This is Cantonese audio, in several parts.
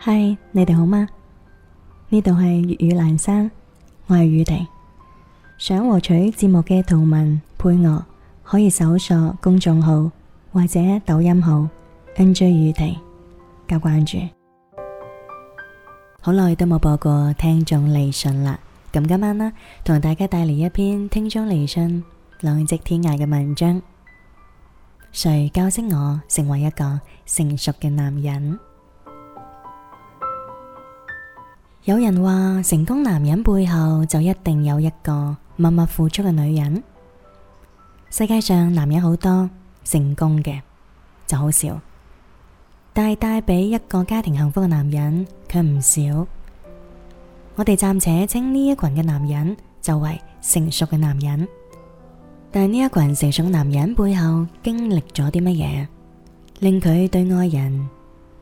嗨，Hi, 你哋好嗎？呢度係粵語蘭山，我係雨婷。想獲取節目嘅圖文配樂，可以搜索公眾號或者抖音號 NJ 雨婷加關注。 好耐都冇播過聽眾嚟信啦，咁今晚呢，同大家帶嚟一篇聽眾嚟信浪跡天涯嘅文章。誰教識我成為一個成熟嘅男人？有人話成功男人背後就一定有一個默默付出嘅女人。世界上男人好多，成功嘅就好少，但係帶俾一個家庭幸福嘅男人卻唔少。我哋暫且稱呢一群嘅男人就為成熟嘅男人。但係呢一群成熟男人背後經歷咗啲乜嘢，令佢對愛人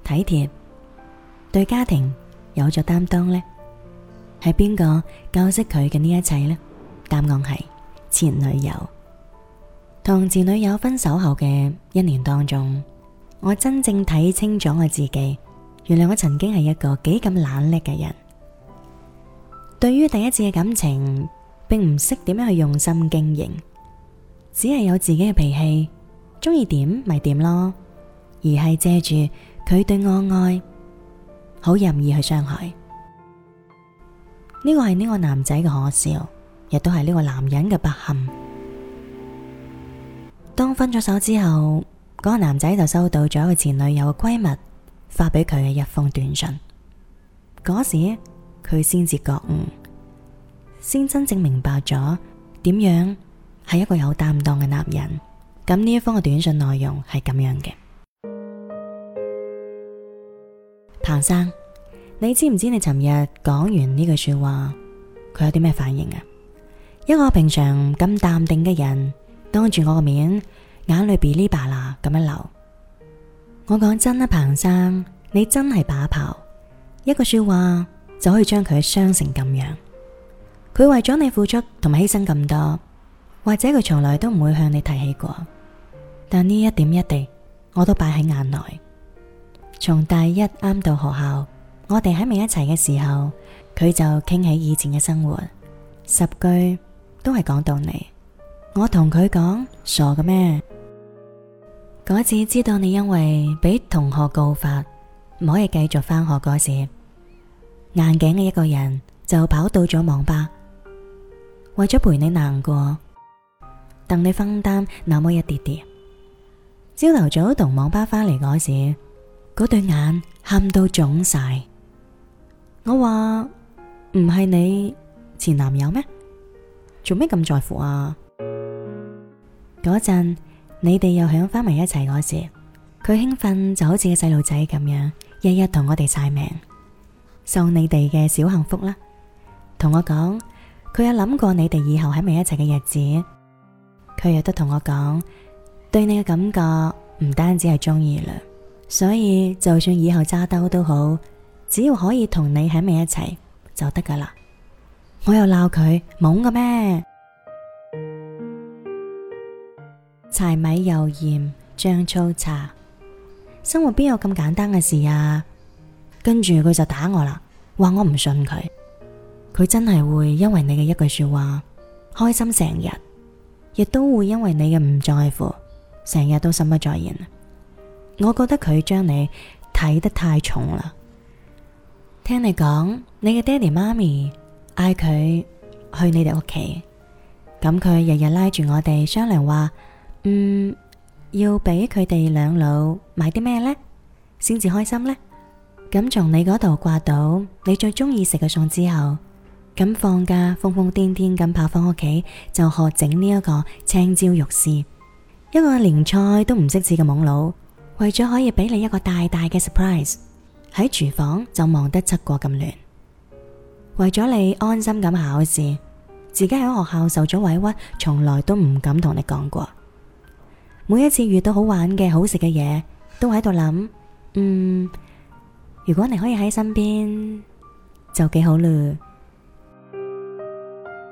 體貼，對家庭。有咗擔當呢，係邊個教識佢嘅呢一切呢？答案係前女友。同前女友分手後嘅一年當中，我真正睇清咗我自己，原來我曾經係一個幾咁懶叻嘅人。對於第一次嘅感情，並唔識點樣去用心經營，只係有自己嘅脾氣，中意點咪點咯，而係借住佢對我愛。好任意去傷害，呢個係呢個男仔嘅可笑，亦都係呢個男人嘅不幸。當分咗手之後，嗰個男仔就收到咗佢前女友嘅閨蜜發俾佢嘅一封短信。嗰時佢先至覺悟，先真正明白咗點樣係一個有擔當嘅男人。咁呢一封嘅短信內容係咁樣嘅。彭生，你知唔知你尋日講完呢句說話，佢有啲咩反應啊？一個平常咁淡定嘅人，當住我個面，眼淚噼哩啪啦咁樣流。我講真啦，彭生，你真係把炮，一個說話就可以將佢傷成咁樣。佢為咗你付出同埋犧牲咁多，或者佢從來都唔會向你提起過。但呢一點一滴，我都擺喺眼內。從大一啱到學校，我哋喺未一齊嘅時候，佢就傾起以前嘅生活，十句都係講到你。我同佢講，傻嘅咩？嗰次知道你因為俾同學告發，唔可以繼續翻學嗰時，硬頸嘅一個人就跑到咗網吧，為咗陪你難過，等你分擔那麼一啲啲。朝頭早同網吧翻嚟嗰時，嗰對眼喊到腫晒，我話唔係你前男友咩？做咩咁在乎啊？嗰陣你哋又響翻埋一齊嗰時，佢興奮就好似個細路仔咁樣，日日同我哋晒命，送你哋嘅小幸福啦。同我講，佢有諗過你哋以後喺埋一齊嘅日子，佢又得同我講，對你嘅感覺唔單止係中意啦。所以就算以後揸兜都好，只要可以同你喺埋一齊就得噶啦。我又鬧佢懵嘅咩？柴米油鹽醬醋茶，生活邊有咁簡單嘅事啊？跟住佢就打我啦，話我唔信佢，佢真係會因為你嘅一句說話開心成日，亦都會因為你嘅唔在乎，成日都心不在焉。我覺得佢將你睇得太重啦。聽你講，你嘅爹哋媽咪嗌佢去你哋屋企，咁佢日日拉住我哋商量話，嗯，要俾佢哋兩老買啲咩咧，先至開心咧？咁從你嗰度掛到你最中意食嘅餸之後，咁放假瘋瘋癲癲咁跑翻屋企就學整呢一個青椒肉絲，一個連菜都唔識切嘅懵佬。為咗可以俾你一個大大嘅 surprise，喺廚房就忙得七國咁亂。為咗你安心咁考試，自己喺學校受咗委屈，從來都唔敢同你講過。每一次遇到好玩嘅、好食嘅嘢，都喺度諗，嗯，如果你可以喺身邊，就幾好嘞。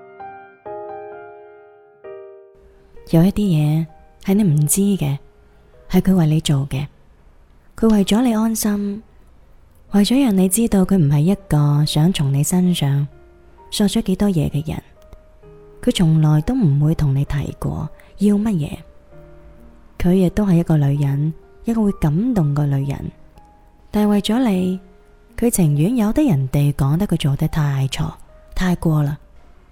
有一啲嘢係你唔知嘅。係佢為你做嘅，佢為咗你安心，為咗讓你知道佢唔係一個想從你身上索取幾多嘢嘅人，佢從來都唔會同你提過要乜嘢。佢亦都係一個女人，一個會感動嘅女人，但係為咗你，佢情願有得人哋講得佢做得太錯、太過了，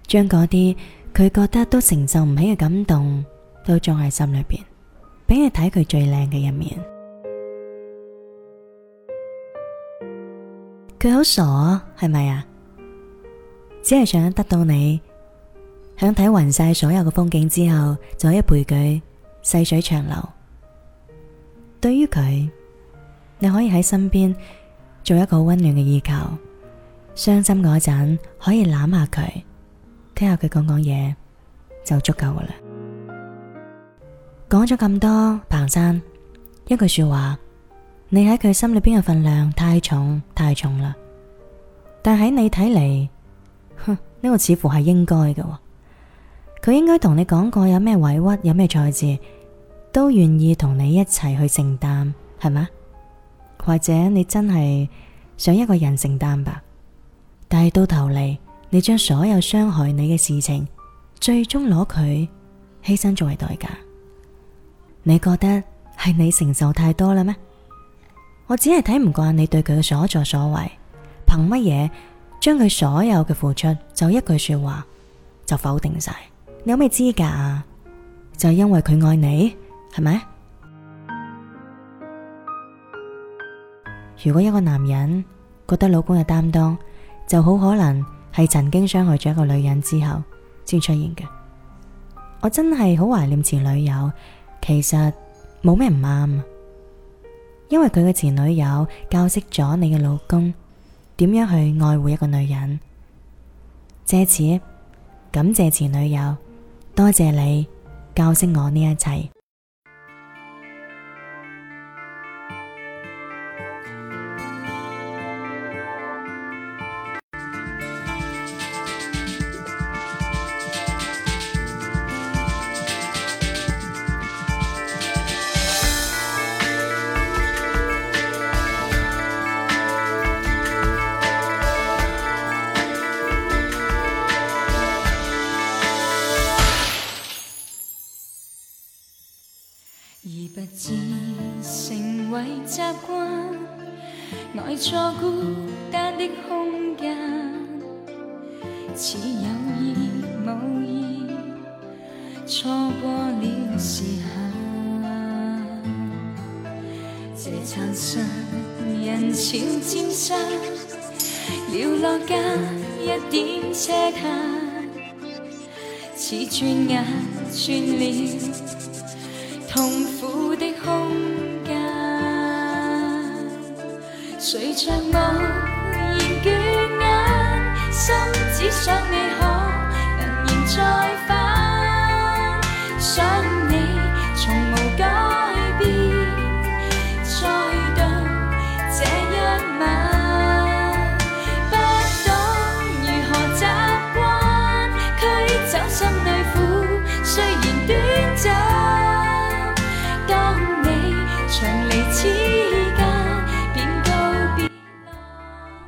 將嗰啲佢覺得都承受唔起嘅感動，都裝喺心裏邊。俾你睇佢最靚嘅一面，佢好傻係咪啊？只係想得到你，想睇勻晒所有嘅風景之後，就可以陪佢細水長流。對於佢，你可以喺身邊做一個好溫暖嘅依靠，傷心嗰陣可以攬下佢，聽下佢講講嘢就足夠噶啦。講咗咁多，彭生。一句說話，你喺佢心裏邊嘅份量太重，太重啦。但喺你睇嚟，哼，呢個似乎係應該嘅。佢應該同你講過有咩委屈，有咩挫折，都願意同你一齊去承擔，係嘛？或者你真係想一個人承擔吧？但係到頭嚟，你將所有傷害你嘅事情，最終攞佢犧牲作為代價。你覺得係你承受太多啦咩？我只係睇唔慣你對佢嘅所作所為，憑乜嘢將佢所有嘅付出就一句說話就否定晒？你有咩資格啊？就係因為佢愛你係咪？如果一個男人覺得老公有擔當，就好可能係曾經傷害咗一個女人之後先出現嘅。我真係好懷念前女友。其實冇咩唔啱，因為佢嘅前女友教識咗你嘅老公點樣去愛護一個女人，借此感謝前女友，多謝你教識我呢一切。已不知成為習慣，呆坐孤單的空間，似有意無意錯過了時候。這殘傷人潮漸散，寥落間一點赤霞，似轉眼轉了。痛苦的空間，誰像我仍然倔強，心只想你可仍然再返。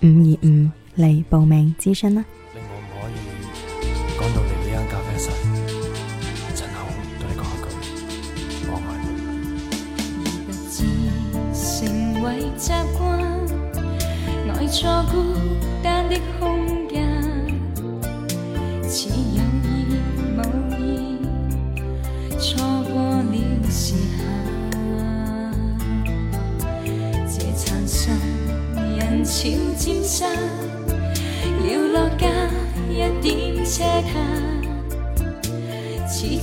五二五嚟報名諮詢啦！令我唔可以趕到你呢間咖啡室，親口同你講一句我愛你，已不知不覺成為習慣，呆坐孤單的空間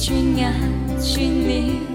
轉眼轉了。